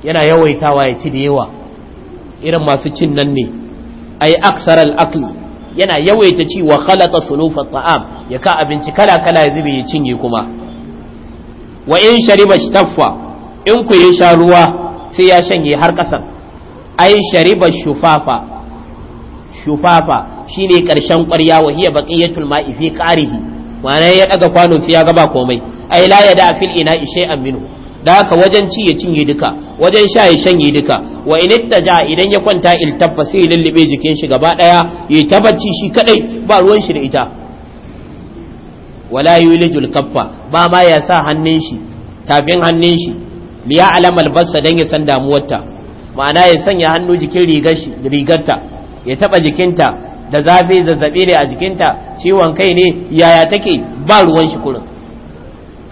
yana yawaitawa ya ci da yawa irin masu cin nan ne ay aksaral aqli yana yawaita ci wa khalata sulufa ta'am ya ka abinci kala kala ya zube ya cinye kuma wa in shariba shtaffa in ku ya sha ruwa sai ya shanye har kasan ai shariba shufafa shufafa shine karshen ƙwarya wa hiya baqiyatul ma'i fi qarihi wa ya daga kwano sai ya gaba komai ila la yada fil ina'i shay'an minhu da haka wajen ci ya cinye duka wajen sha ya shanye duka wa ja idan ya kwanta iltaffa sai lullube jikin shi gaba daya ya tabbaci shi kadai ba ruwan shi da ita wala yulijul kaffa ba ma ya sa hannun shi tafin hannun shi liya alamal basa dan ya san damuwarta ma'ana ya sanya hannu jikin rigar shi rigarta ya taba jikinta da zafi zazzabi ne a jikinta ciwon kai ne yaya take ba ruwan shi kurin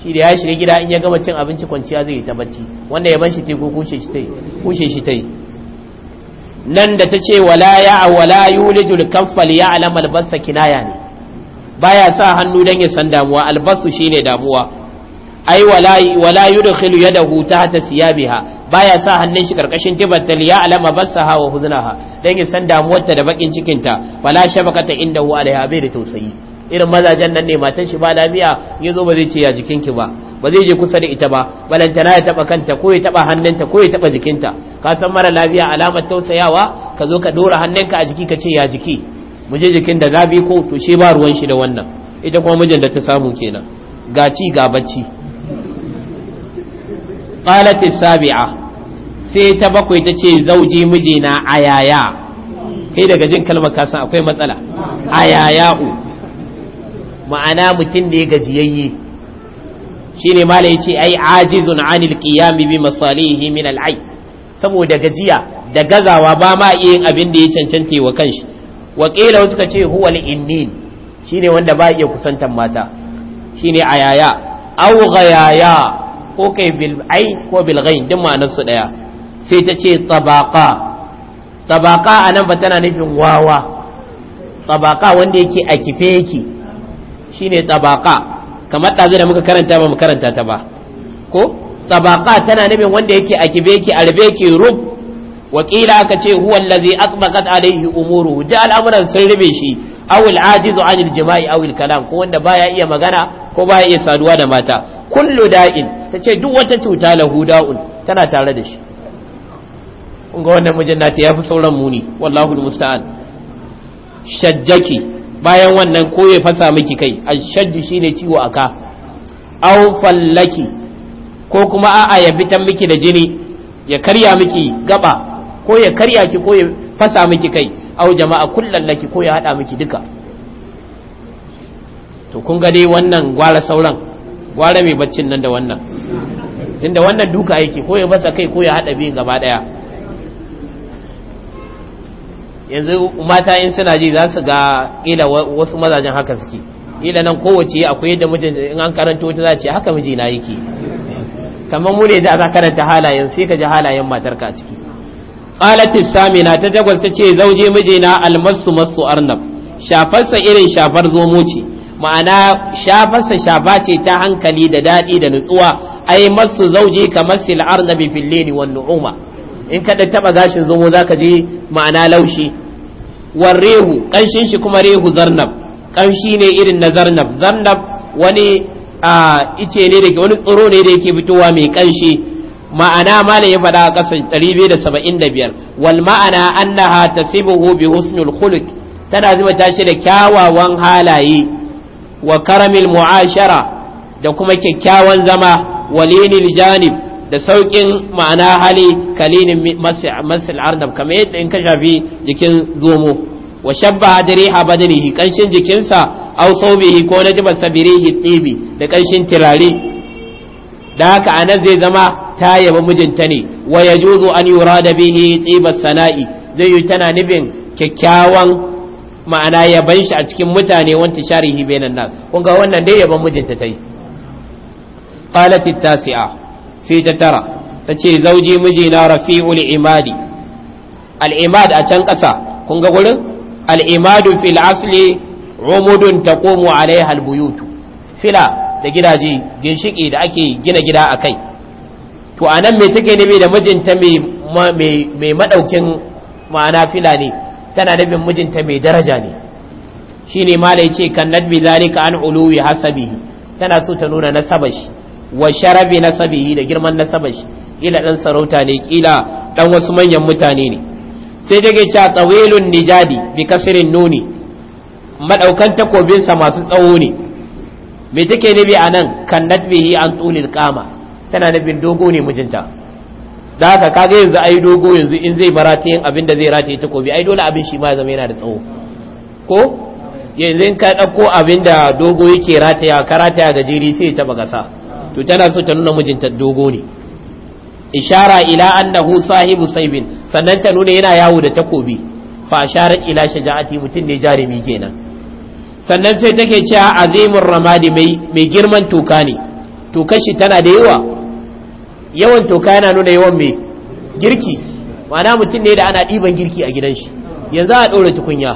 shi da ya shirya gida in ya gama cin abinci kwanciya zai yi ta bacci wanda ya ban shi teku kushe shi ta yi kushe shi ta yi nan da ta ce wala ya wala yulijul kaffal ya alam albassa kinaya ne baya sa hannu dan ya san damuwa albasu shine damuwa ai wala wala yudkhilu yadahu tahta siyabiha baya sa hannun shi karkashin tibatal ya alama bassaha wa huznaha dan ya san damuwarta da bakin cikinta wala shabakata indahu alaiha bai da tausayi irin mazajen nan ne matan shi ba lafiya ya zo ba zai ce ya jikinki ba ba zai je kusa da ita ba balantana ya taba kanta ko ya taba hannunta ko ya taba jikinta ka san mara lafiya alamar tausayawa ka zo ka dora hannunka a jiki ka ce ya jiki mu je jikin da zabi ko to shi ba ruwan shi da wannan ita kuma mijin da ta samu kenan ga ci ga bacci qalat as-sabi'a sai ta bakwai ta ce zauji mijina ayaya kai daga jin kalmar san akwai matsala ayaya'u ma'ana mutum da ya gajiyayye shi ne mala ya ce ai ajizun anil qiyami bi masalihi min al'ai saboda gajiya da gazawa ba ma iya yin abin da ya cancanta wa kanshi wa wasu ka ce huwa al-innin shine wanda ba iya kusantan mata shine ayaya aw ghayaya ko kai bil ko bil duk ma'anar su sai ta ce tabaqa tabaqa anan ba tana nufin wawa tabaka wanda yake a kife yake shine tabaka kamar zai da muka karanta ba mu karanta ta ba ko tabaka tana nufin wanda yake a kibe yake a rabe yake rub wakila aka ce huwa allazi atbaqat alaihi umuru da al'amuran sun rube shi aw ajizu anil jima'i aw kalam ko wanda baya iya magana ko baya iya saduwa da mata kullu da'in tace duk wata cuta lahu da'un tana tare da shi kun ga wannan mijin yafi sauran muni wallahu musta'an. shajjaki bayan wannan ko ya fasa miki kai ashaddu shine ciwo aka aw fallaki ko kuma a'a ya bitan miki da jini ya karya miki gaba ko ya karya ki ko ya fasa miki kai aw jama'a kullal laki ko ya hada miki duka to kun ga dai wannan gwara sauran gwara mai baccin nan da wannan tunda wannan duka yake ko ya fasa kai ko ya hada biyun gaba daya yanzu mata in suna ji za su ga ila wasu mazajen haka suke ila nan kowace akwai yadda mijin in an karanto ta za ce haka miji yake kamar mu ne da za karanta halayen sai ka ji halayen matarka ka ciki qalati samina ta takwas ta ce zauje mijina almasu masu arnab shafarsa irin shafar zomo ce ma'ana shafarsa shafa ce ta hankali da daɗi da nutsuwa ai masu zauje kamar sil arnabi fil leni wan nu'uma in ka dan taɓa gashin za zaka ji ma'ana laushi warrehu kanshin shi kuma rehu zarnab ƙanshi ne irin na zarnab zarnab wani a ice ne da wani tsiro ne da yake fitowa mai ƙanshi ma'ana malam ya faɗa a ƙasar biyar wal ma'ana annaha tasibuhu bi husnul huluk tana zuba shi da kyawawan halaye wa karamil mu'ashara da kuma kyakkyawan zama walinil janib da sauƙin ma'ana hali kalinin masil ardam kamar yadda in ka shafi jikin zomo wa shabba adriha badanihi kanshin jikinsa au saubihi ko na jiban sabirihi tsibi da ƙanshin tirare da haka anan zai zama ta yaba mijinta ne wa yajuzu an da bihi tsibas sana'i zai yi tana nufin kyakkyawan ma'ana yaban shi a cikin mutane wanta sharihi bainan nas kun ga wannan dai yaban mijinta ta yi. at-tasi'a sai ta tara ta ce zauji mijina rafi'ul imadi al'imad a can ƙasa kun ga gurin al'imadu fil asli umudun taqumu alaiha albuyutu fila da gidaje ginshiki da ake gina gida a kai to anan me take nabi da mijinta mai madaukin ma'ana fila ne tana nufin mijinta mai daraja ne shine ma ce yace kan zalika an uluwi hasabi tana so ta nuna nasabar shi wa sharabi nasabihi da girman nasabar shi kila dan sarauta ne kila dan wasu manyan mutane ne sai take cewa tawilun nijadi bi kasrin nuni madaukan takobin sa masu tsawo ne me take nabi anan kan bihi an tulil qama tana nabin dogo ne mijinta da haka kaga yanzu ai dogo yanzu in zai barata yin abin da zai rataye takobi ai dole abin shi ma zama yana da tsawo ko yanzu in ka dauko abin da dogo yake rataya ka rataya jiri sai ta sa to tana so ta nuna mijinta dogo ne ishara ila annahu sahibu saibin sannan ta nuna yana yawo da takobi fa asharat ila shaja'ati mutun ne jarumi kenan sannan sai take cewa azimur ramadi mai mai girman toka ne tokar shi tana da yawa yawan toka yana nuna yawan mai girki ma'ana mutum ne da ana ɗiban girki a gidan shi yanzu a ɗora tukunya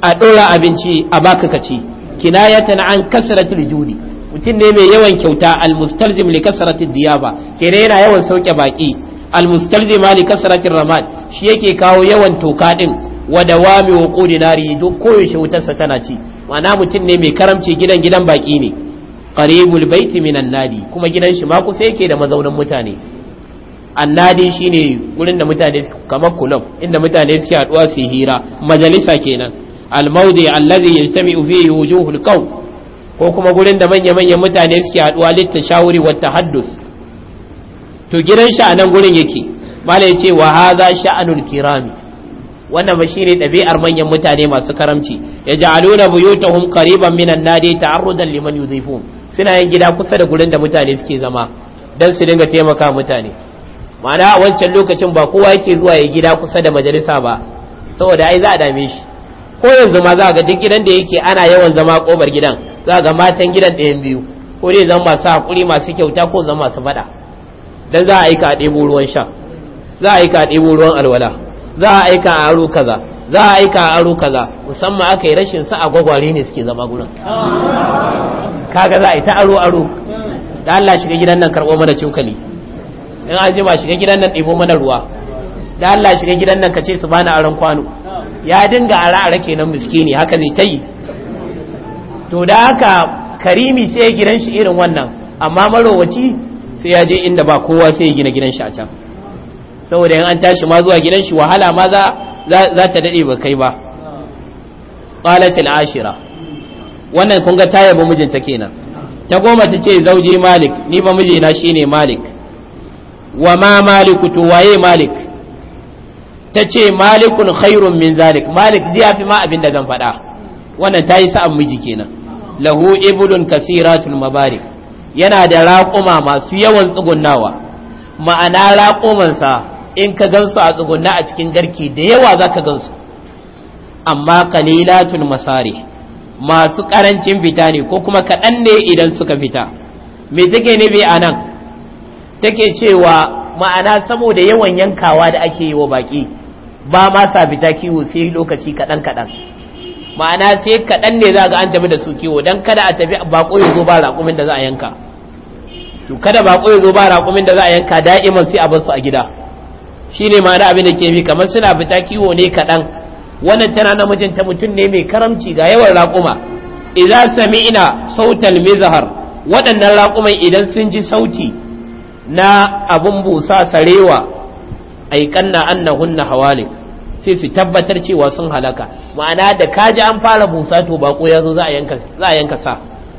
a ɗora abinci a baka kaci kinayatan an kasratul judi mutum ne mai yawan kyauta almustalzim li kasrati diyaba kene yana yawan sauke baki almustalzim li kasrati ramad shi yake kawo yawan toka din wa dawami wuqudi nari duk koyaushe wutarsa tana ci ma'ana mutum ne mai karamci gidan gidan baki ne qaribul baiti minan nadi kuma gidan shi ma kusa yake da mazaunin mutane annadi shine gurin da mutane kamar kulub inda mutane suke haduwa su hira majalisa kenan almaudi allazi yajtami'u fihi wujuhul qawm ko kuma gurin da manya-manyan mutane suke haduwa litta shawuri wata haddus to gidan shi a nan gurin yake mala ya ce wa haza sha'anul kirami wannan ba shine ɗabi'ar manyan mutane masu karamci ya ja'aluna buyutahum qariban minan nadi ta'arrudan liman yuzifun suna yin gida kusa da gurin da mutane suke zama dan su dinga taimaka mutane ma'ana a wancan lokacin ba kowa yake zuwa ya gida kusa da majalisa ba saboda ai za a dame shi ko yanzu ma za ga duk gidan da yake ana yawan zama kobar gidan za ga matan gidan ɗayan biyu ko dai zan masu haƙuri masu kyauta ko zan masu faɗa don za a aika a ɗebo ruwan sha za a aika a ɗebo ruwan alwala za a aika a aro kaza za a aika a aro kaza musamman aka yi rashin sa a gwagware ne suke zama gurin kaga za a yi ta aro aro da Allah shiga gidan nan karɓo mana cokali in an jima shiga gidan nan ɗebo mana ruwa da Allah shiga gidan nan ka ce su bani aron kwano ya dinga ara ara kenan miskini haka ne ta yi to da haka karimi sai ya gidan shi irin wannan amma marowaci sai ya je inda ba kowa sai ya gina gidan shi a can saboda yan an tashi ma zuwa gidan shi wahala ma za ta daɗe ba kai ba qalatil ashira wannan kun ga tayar ba mijinta kenan ta goma ta ce zauje malik ni ba mijina shine malik wa ma maliku to waye malik ta ce malikun khairun min zalik malik zai fi ma abin da zan faɗa wannan ta yi sa'an miji kenan lahu ibulun kasiratul mabari yana da raƙuma masu yawan tsugunnawa ma'ana raƙumansa in ka gansu a tsugunna a cikin garki da yawa za ka gansu amma kalilatul masari masu ƙarancin fita ne ko kuma kaɗan ne idan suka fita me take nufi a nan take cewa ma'ana saboda yawan yankawa da ake yi wa baƙi ba ma sa fita kiwo sai lokaci kaɗan kaɗan ma'ana sai kaɗan ne za ga an tafi da su kiwo don kada a tafi bako ya zo ba raƙumin da za a yanka to kada bako ya zo ba raƙumin da za a yanka da'iman sai a bar su a gida shine ma'ana abin da ke bi kamar suna fita kiwo ne kaɗan wannan tana namijin ta mutum ne mai karamci ga yawan raƙuma idan ina sautal mizahar waɗannan raƙuman idan sun ji sauti na abun busa sarewa aikanna annahunna hawalik sai su tabbatar cewa sun halaka ma'ana da kaji an fara busa to bako ya zo za a yanka sa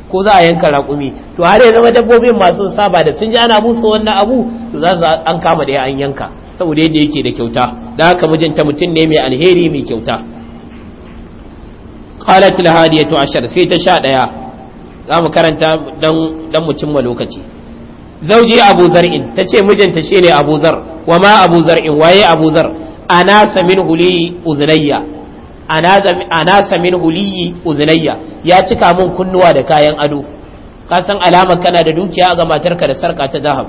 ko za a yanka raƙumi to har ya zama dabbobin masu saba da sun ji ana musu wannan abu to za su an kama da an yanka saboda yadda yake da kyauta da haka mijinta mutum ne mai alheri mai kyauta qalat al hadiyatu ashar sai ta sha daya za mu karanta dan dan mu cimma lokaci zauji abu zar'in tace mijinta shine abu zar wa ma abu zar'in waye abu zar anasa min huliyi uzunayya anasa min huliyi uzunayya ya cika mun kunnuwa da kayan ado ka san alamar kana da dukiya ga matarka da sarka ta zahab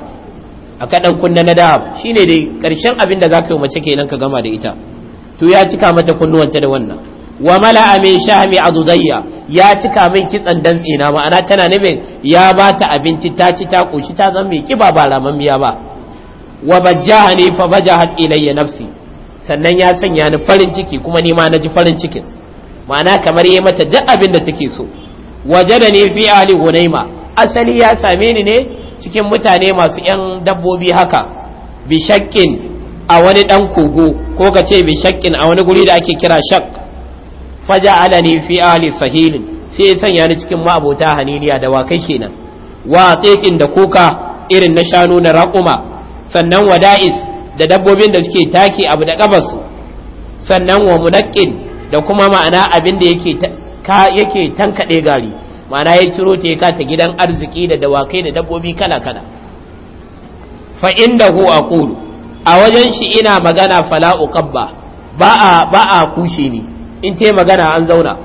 a kaɗan kunna na dahab shine dai karshen abin da za ka yi mace kenan ka gama da ita to ya cika mata kunnuwanta da wannan wa mala min shahmi azudayya ya cika min kitsan dantse na ma'ana tana nufin ya ba ta abinci ta ci ta koshi ta zan mai kiba ba ramammiya ba wa bajjahani fa bajahat ilayya nafsi sannan ya sanya ni farin ciki kuma nima na ji farin cikin ma'ana kamar yi mata duk abin da take so waje da ne fi ali hunaima asali ya same ni ne cikin mutane masu yan dabbobi haka bi a wani dan kogo ko ka ce bi a wani guri da ake kira shak faja ala fi ali sahilin sai ya sanya ni cikin ma'abota haniliya da wakai kenan wa da kuka irin na shanu na raƙuma sannan wada'is da dabbobin da suke taki abu da kabarsu sannan wa munak'in da kuma ma'ana abin da yake ka yake gari ma'ana ya ciro ta ya kata gidan arziki da dawakai da dabbobi kala kala fa da aqulu a wajen shi ina magana fala'u kabba ba a ba a kushe ni in ta magana an zauna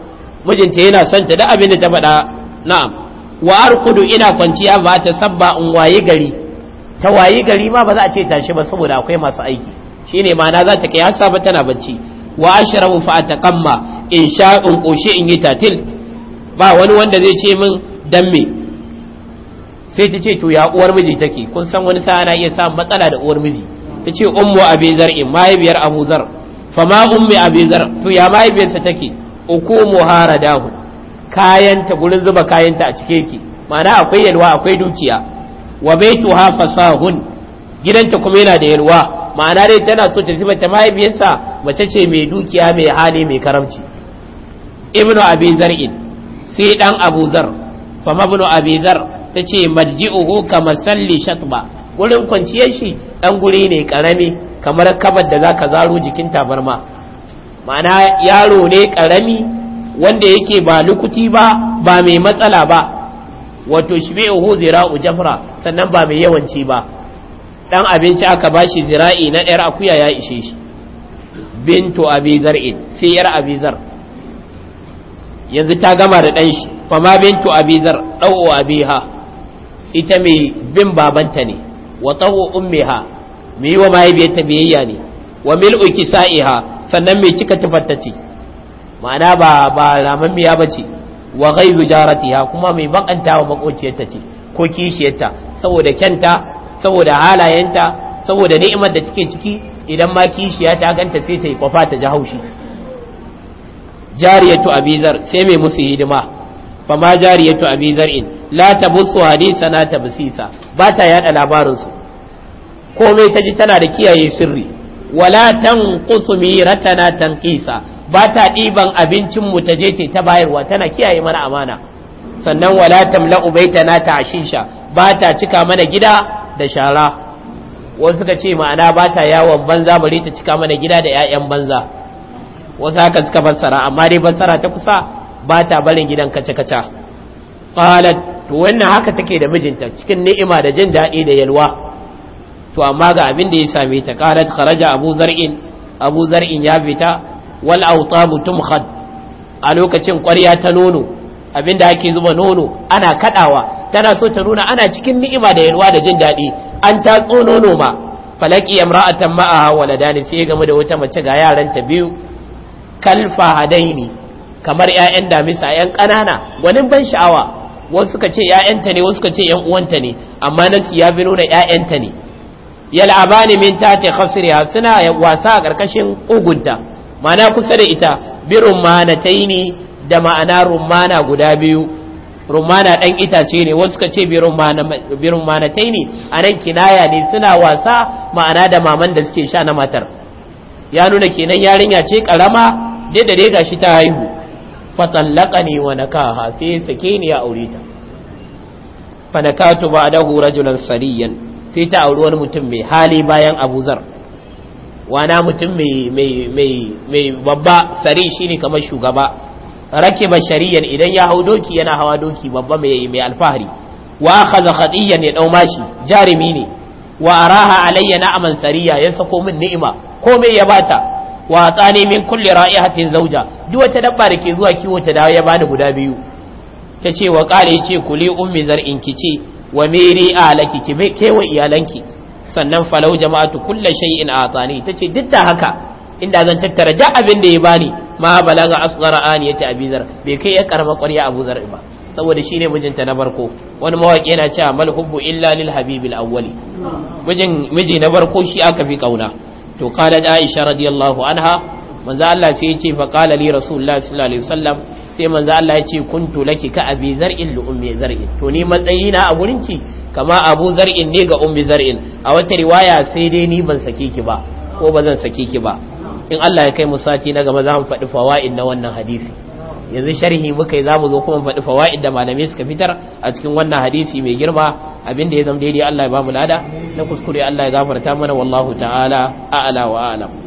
mijinta yana son ta da abin da ta faɗa na'am wa arkudu ina kwanciya ba ta sabba in waye gari ta wayi gari ma ba za a ce tashi ba saboda akwai masu aiki shine ma'ana za ta kai hasa ba tana bacci wa ashrabu fa ataqamma in sha in koshe in yi tatil ba wani wanda zai ce min dan me sai ta ce to ya uwar miji take kun san wani sa na iya samun matsala da uwar miji ta ce ummu abi zar'in mahaifiyar abu zar fa ma ummi abi zar to ya mahaifiyarsa take ukumu muharadahu kayanta gurin zuba kayanta a cike yake ma'ana akwai yalwa akwai dukiya wa baituha fasahun gidanta kuma yana da yalwa ma'ana dai tana so ta ta mahaifiyarsa mace ce mai dukiya mai hali mai karamci ibnu abi zar'in sai dan abu zar fa mabnu abi zar tace marji'uhu kamar salli shatba gurin kwanciyar shi dan guri ne karami kamar kabar da zaka zaro jikin tabarma ma'ana yaro ne karami wanda yake ba lukuti ba ba mai matsala ba wato Uhu, zira'u jafra sannan ba mai yawanci ba dan abinci aka bashi zira'i na yar akuya ya ishe shi bintu abi in, sai yar abi yanzu ta gama da ɗan shi fa ma bintu abi zar abiha ita mai bin babanta ne wa tawo ummiha mai wa mahaifiyarta biyayya ne wa mil'u kisa'iha sannan mai cika tufarta ce ma'ana ba ba ramammiya bace wa ghairu jaratiha kuma mai bakanta wa makociyarta ce ko kishiyarta saboda kyanta saboda halayenta saboda ni'imar da take ciki idan ma kishiya ta ganta sai ta yi kwafa ta ji haushi jariyatu abizar sai mai musu hidima fa ma jariyatu abizar in la tabussu na tabsisa ba ta yada labarin su komai ta ji tana da kiyaye sirri wala tanqusu miratana tanqisa ba ta ɗiban abincin mu ta je ta bayarwa tana kiyaye mana amana sannan wala ubaita na ta ashisha ba ta cika mana gida da shara wasu suka ce ma'ana ba ta yawon banza bari ta cika mana gida da 'ya'yan banza wasu haka suka fassara amma dai fassara ta kusa ba ta barin gidan kaca-kaca qalat to wannan haka take da mijinta cikin ni'ima da jin daɗi da yalwa to amma ga abin da ya same ta qalat kharaja abu zar'in abu zar'in ya fita wal autabu tumkhad a lokacin ƙwarya ta nono abinda ake zuba nono ana kadawa tana so ta nuna ana cikin ni'ima da yalwa da jin daɗi an tatso nono ma falaki imra'atan ma'aha waladani sai game da wata mace ga yaranta biyu kalfa hadaini kamar ƴaƴan damisa ƴan ƙanana gwanin ban sha'awa wasu suka ce ƴaƴanta ne wasu suka ce ƴan uwanta ne amma nasi ya bi nuna ƴaƴanta ne yal'abani min tati khasriha suna wasa a ƙarƙashin ugunta ma'ana kusa da ita bi taini da ma'ana rumana guda biyu rumana dan itace ne wasu ka ce bi a nan kinaya ne suna wasa ma'ana da maman da suke sha na matar ya nuna kenan yarinya ce karama da dai gashi ta haihu fatallaqani wa nakaha sai sake ni ya aure ta fanakatu ba'dahu rajulan sariyan sai ta auri wani mutum mai hali bayan abuzar wana mutum mai babba sari shine kamar shugaba rake ba shari'an idan ya hau doki yana hawa doki babba mai alfahari wa akhadha khadiyan ya dau mashi jarimi ne wa araha alayya na'aman sariya ya sako min ni'ima komai ya bata wa tsani min kulli ra'ihatin zauja duk wata dabba da ke zuwa kiwo ta dawo ya bani guda biyu tace wa qali yace kuli ummi zar'in kici wa miri alaki ki kewa iyalanki sannan falau jama'atu kulla shay'in atani tace duk da haka inda zan tattara duk abin da ya bani ma balaga asghara aniyati abizar bai kai ya karama ƙwarya abu zar ba saboda shine mijinta na barko wani mawaki yana cewa mal hubbu illa lil habibil awwali mijin miji na barko shi aka fi kauna to qala aisha radiyallahu anha manzo Allah sai ya ce fa qala li rasulullah sallallahu alaihi wasallam sai manzo Allah ya ce kuntu laki ka abi zar'in ummi zar'in to ni matsayi na a gurin ki kama abu zar'in ne ga Umbi zar'in a wata riwaya sai dai ni ban saki ki ba ko ba zan saki ki ba in Allah ya kai mu sati na gaba za mu faɗi fawaid na wannan hadisi yanzu sharhi muka yi za mu zo kuma mu faɗi fawaid da malamai suka fitar a cikin wannan hadisi mai girma abin da ya zama daidai Allah ya ba mu lada na kuskure Allah ya gafarta mana wallahu ta'ala a'ala wa a'lam